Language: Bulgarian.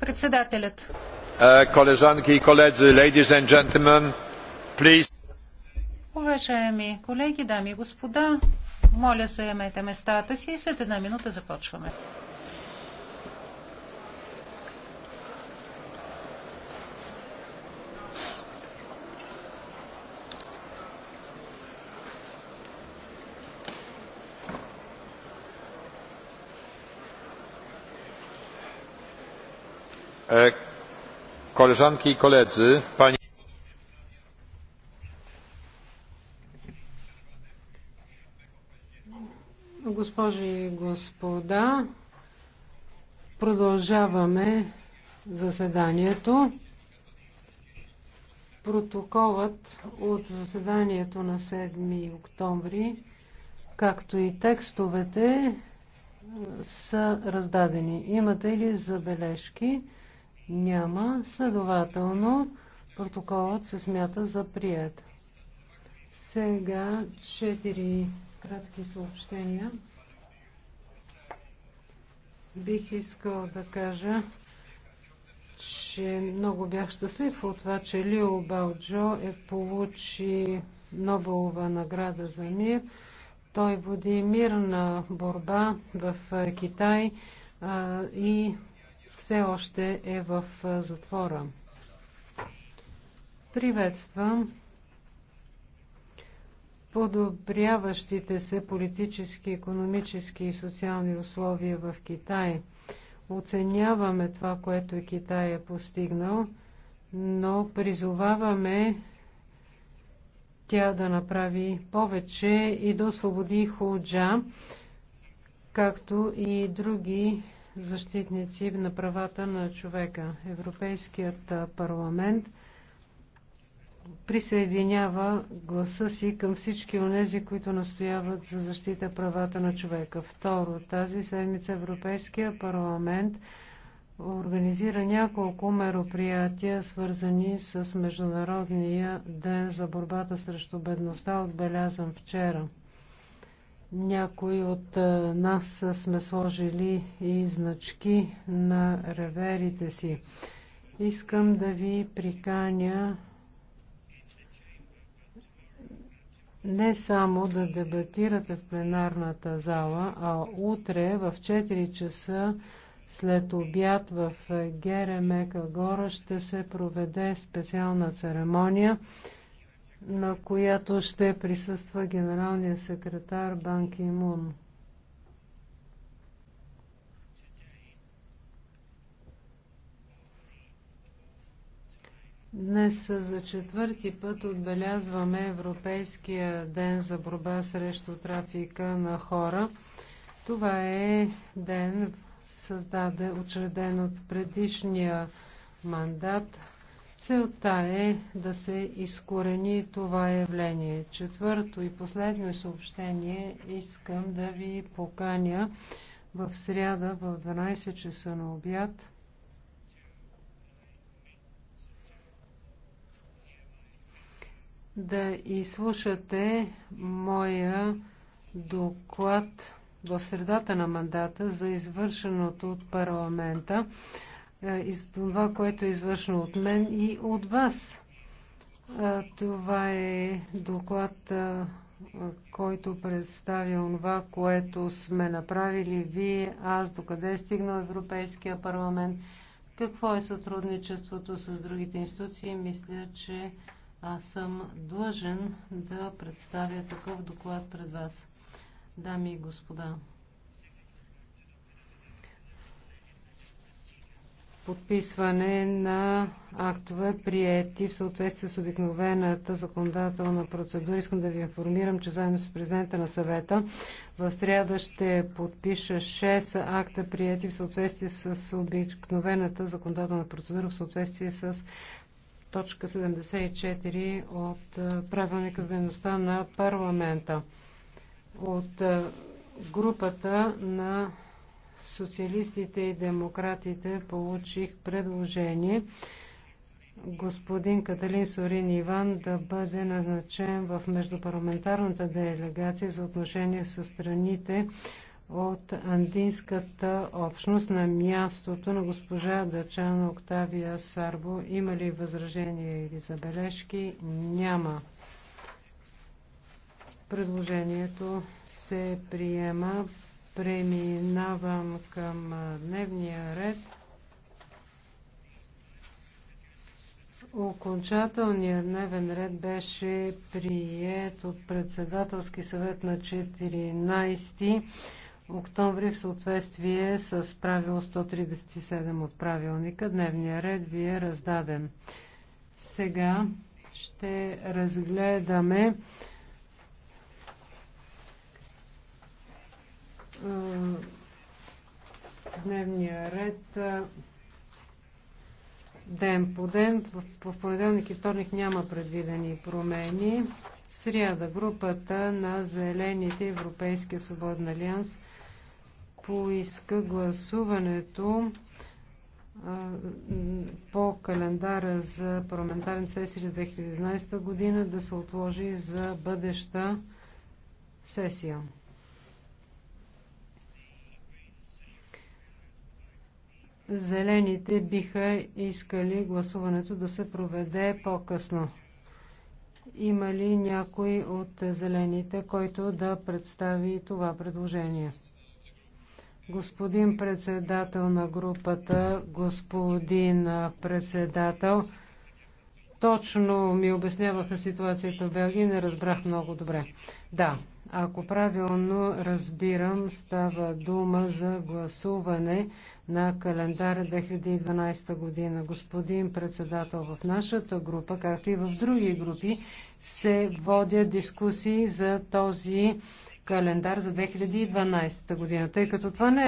Председателят. Е, колежанки и колеги, ladies and gentlemen, please. Уважаеми колеги, дами и господа, моля заемете местата си и след една минута започваме. E, koleżanki i koledzy, panie... Госпожи и господа, продължаваме заседанието. Протоколът от заседанието на 7 октомври, както и текстовете, е, са раздадени. Имате ли забележки? Няма. Следователно, протоколът се смята за прият. Сега четири кратки съобщения. Бих искал да кажа, че много бях щастлив от това, че Лио Балджо е получи Нобелова награда за мир. Той води мирна борба в Китай и все още е в затвора. Приветствам подобряващите се политически, економически и социални условия в Китай. Оценяваме това, което Китай е постигнал, но призоваваме тя да направи повече и да освободи Джа, както и други защитници на правата на човека. Европейският парламент присъединява гласа си към всички онези, които настояват за защита правата на човека. Второ, тази седмица Европейския парламент организира няколко мероприятия, свързани с Международния ден за борбата срещу бедността, отбелязан вчера. Някои от е, нас сме сложили и значки на реверите си. Искам да ви приканя не само да дебатирате в пленарната зала, а утре в 4 часа след обяд в Геремека гора ще се проведе специална церемония на която ще присъства генералния секретар Банки Мун. Днес за четвърти път отбелязваме Европейския ден за борба срещу трафика на хора. Това е ден, създаден, учреден от предишния мандат Целта е да се изкорени това явление. Четвърто и последно съобщение искам да ви поканя в сряда в 12 часа на обяд да изслушате моя доклад в средата на мандата за извършеното от парламента е, за това, което е извършено от мен и от вас. Е, това е доклад, е, който представя това, което сме направили вие, аз, докъде е стигнал Европейския парламент, какво е сътрудничеството с другите институции. Мисля, че аз съм длъжен да представя такъв доклад пред вас. Дами и господа, подписване на актове, приети в съответствие с обикновената законодателна процедура. Искам да ви информирам, че заедно с президента на съвета в среда ще подпиша 6 акта, приети в съответствие с обикновената законодателна процедура, в съответствие с точка 74 от правилника за дейността на парламента. От групата на социалистите и демократите получих предложение господин Каталин Сорин Иван да бъде назначен в междупарламентарната делегация за отношение с страните от андинската общност на мястото на госпожа Дачана Октавия Сарбо. Има ли възражения или забележки? Няма. Предложението се приема. Преминавам към дневния ред. Окончателният дневен ред беше прият от председателски съвет на 14 октомври в съответствие с правило 137 от правилника. Дневния ред ви е раздаден. Сега ще разгледаме дневния ред ден по ден. В, понеделник и вторник няма предвидени промени. Сряда групата на Зелените Европейския свободен алианс поиска гласуването по календара за парламентарен сесия 2011 година да се отложи за бъдеща сесия. Зелените биха искали гласуването да се проведе по-късно. Има ли някой от зелените, който да представи това предложение? Господин председател на групата, господин председател, точно ми обясняваха ситуацията в Белгия и не разбрах много добре. Да, ако правилно разбирам, става дума за гласуване на календар 2012 година. Господин председател, в нашата група, както и в други групи, се водят дискусии за този календар за 2012 година, тъй като това не е